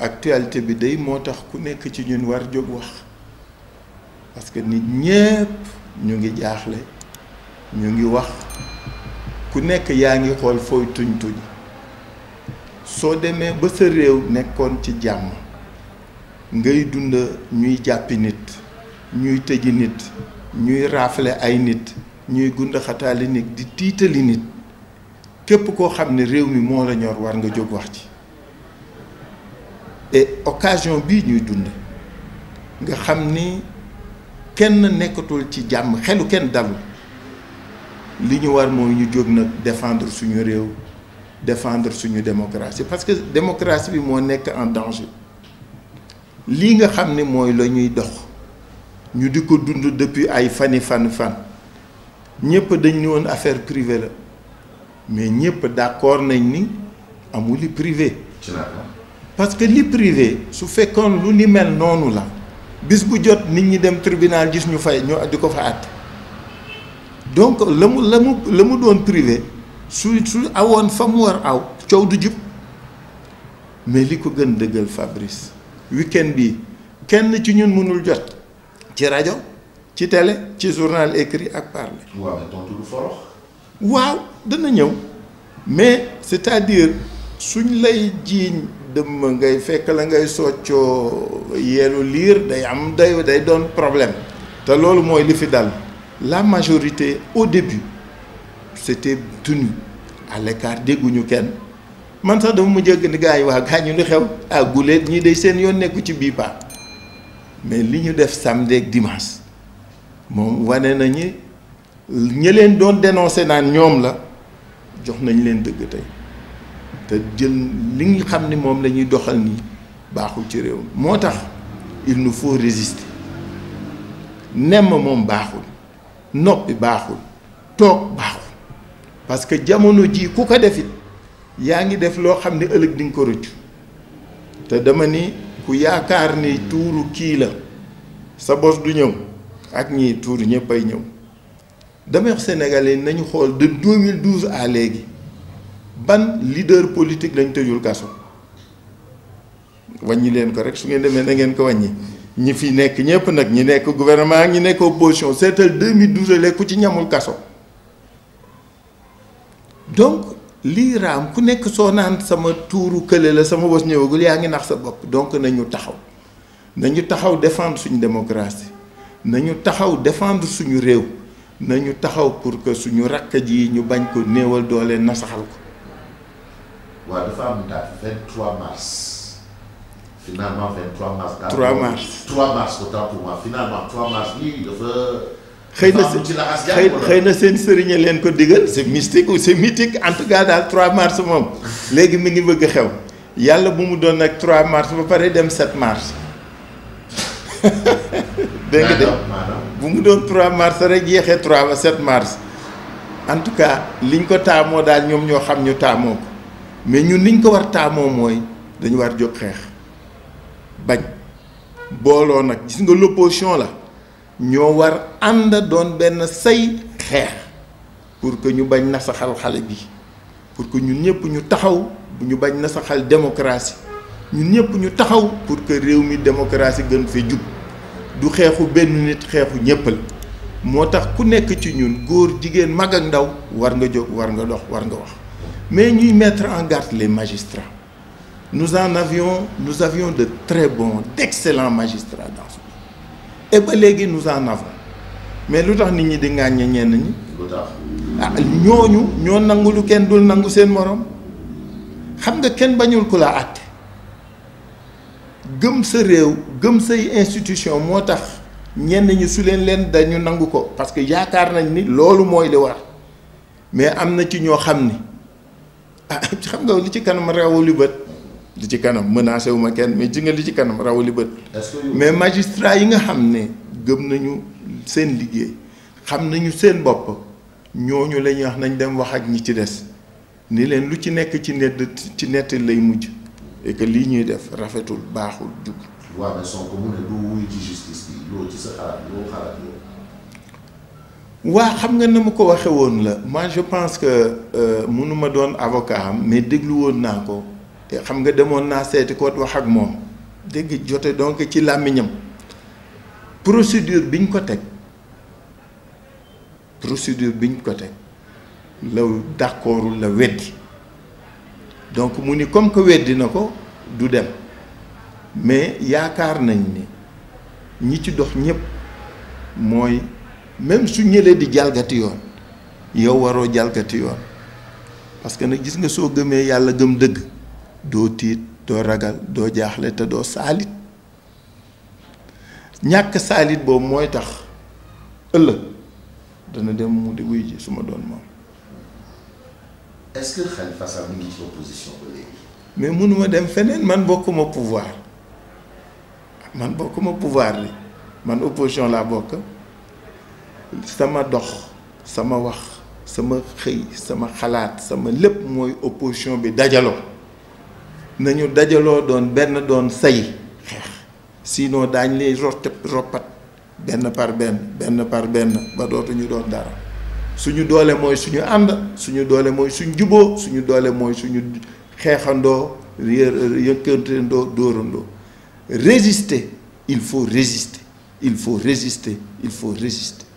actualité bi day moo tax ku nekk ci ñun war jóg wax parce que nit ñépp ñu ngi jaaxle ñu ngi wax ku nekk yaa ngi xool fooy tuñ tuñ soo demee ba sa réew nekkoon ci jàmm ngay dund ñuy jàppi nit ñuy tëji nit ñuy raafle ay nit ñuy gundaxataali nit di tiitali nit képp koo xam ne réew mi moo la ñor war nga jóg wax ci et occasion bii ñuy dund nga xam ni kenn nekkatul ci jàmm xelu kenn dalul li ñu war mooy ñu jóg nag défendre suñu réew défendre suñu démocratie parce que démocratie bi moo nekk en danger lii nga xam ne mooy la ñuy dox ñu di ko dund depuis ay fani fan fan ñëpp dañ ni woon affaire privée la mais ñëpp d'accord nañ ni amuli privé. parce que li privé su fekkoon lu ni mel noonu la bis bu jot nit ñi dem tribunal gis ñu fay ñu di ko fa àtt donc la mu la mu la mu doon privé su su awoon fa mu war aw coow du jub mais li ko gën dëggal Fabrice weekend bi kenn ci ñun mënul jot ci rajo ci télé ci journal écrit ak parlé. waaw tontu du dana ñëw mais c'est-à-dire suñ lay jiiñ. dëmm ngay fekk la ngay soccoo yeelu liir day am day day doon problème te loolu mooy li fi dal la majorité au début c'était tenu à l'écart dégguñu kenn man sax dama mu jëgg ni gars yi waa gars ñu lu xew ah guleet ñii day seen yoon nekku ci bii paa mais li ñu def samedi ak dimanche moom wane nañu ñi leen doon dénoncé naan ñoom la jox nañ leen dëgg tey te jël li nga xam ni moom lañuy doxal nii baaxul ci réew moo tax il nous faut résister nemm moom baaxul noppi baaxul toog baaxul parce que jamono ji ku ko defit yaa ngi def loo xam ne ëllëg dinga ko rëccu te dama ni ku yaakaar ni tuuru kii la sa bos du ñëw ak ñii tuuru ñëpp ay ñëw dama wax sénégalais nañu xool de 2012 à léegi ban leader politique lañ tëjul kaso wàññi leen ko rek su ngeen demee na ngeen ko wàññi ñi fi nekk ñëpp nag ñi nekk gouvernement ñi nekk opposition seetal 2012 la ku ci ñamul kaso donc lii raam ku nekk soo naan sama tuuru kële la sama bos ñëwagul yaa ngi nax sa bopp donc nañu taxaw nañu taxaw défendre suñu démocratie nañu taxaw defendre suñu réew nañu taxaw pour que suñu rakk yi ñu bañ ko néewal doole nasaxal ko. waaw dafa am date 23 mars. finalement mars. xëy na seen xëy na seen sëriñ leen ko digal c'est mystique ou c'est mythique en daal 3 mars moom léegi mi ngi bëgg xew yàlla bu mu doon nag 3 mars ba pare dem 7 mars. dégg de bu mu doon 3 mars rek jeexee trois ba 7 mars en liñ ko taamoo daal ñoom ñoo xam ñu taamoo mais ñun liñ ko war taamoo mooy dañu war jóg xeex bañ booloo nag gis nga l'opposition la ñoo war ànd doon benn say xeex pour que ñu bañ nasaxal xale bi pour que ñun ñëpp ñu taxaw bu ñu bañ nasaxal démocratie ñun ñëpp ñu taxaw pour que réew mi démocratie gën fi jub du xeexu benn nit xeexu ñëpp moo tax ku nekk ci ñun góor jigéen mag ak ndaw war nga jóg war nga dox war nga wax mais ñuy mettre en garde les magistrats nous en avions nous avions de très bons d'excellents magistrats dans ce pays léegi nous en avons mais lu tax nit ñi di ŋàññe ñenn ñi ah, ñooñu ñoo nangu lu kenn dul nangu seen moroom xam nga kenn bañul ku laa àtte gëm sa réew gëm say institution moo tax ñenn ñi su leen leen dañu nangu ko parce que yaakaar nañ ni loolu mooy li war mais am na ci ñoo xam ni ah xam nga li ci kanam rawu li bët li ci kanam menacé wu ma kenn mais ji nga li ci kanam raw li bët. mais magistrat yi nga xam ne gëm nañu seen liggéey xam nañu seen bopp ñooñu la ñuy wax nañ dem wax ak ñi ci des ni leen lu ci nekk ci nett ci nett lay mujj et que lii ñuy def rafetul baaxul jug. waa xam nga na ma ko waxee woon la moi je pense que euh, mënu ma doon avocat am mais déglu woon naa ko xam nga demoon naa seeti ko wax ak moom dégg jote donc ci làmmiñam procédure biñ ko teg procédure biñ ko teg la d'accordul la weddi donc mu ni comme que weddi na ko du dem mais yaakaar nañ ni ñi ci dox ñëpp mooy même su ñëlee di jàlgati yoon yow waroo jàlgati yoon parce que nag gis nga soo gëmee yàlla gëm dëgg doo tiit doo ragal doo jaaxle te doo saalit ñàkk saalit boobu mooy tax ëllëg dana dem mu di wuy ji su doon moom. mais mënuma dem feneen man bokkuma pouvoir man bokkuma pouvoir li man opposition laa bokk. sama dox sama wax sama xëy sama xalaat sama lépp mooy opposition bi dajaloo nañu dajaloo doon benn doon say xeex sinon daañ lay roppat benn par benn benn par benn ba dootuñu doon dara suñu doole mooy suñu ànd suñu doole mooy suñu juboo suñu doole mooy suñu xeexandoo yëkkantandoo dóorandoo résister il faut résister il faut résister il faut résister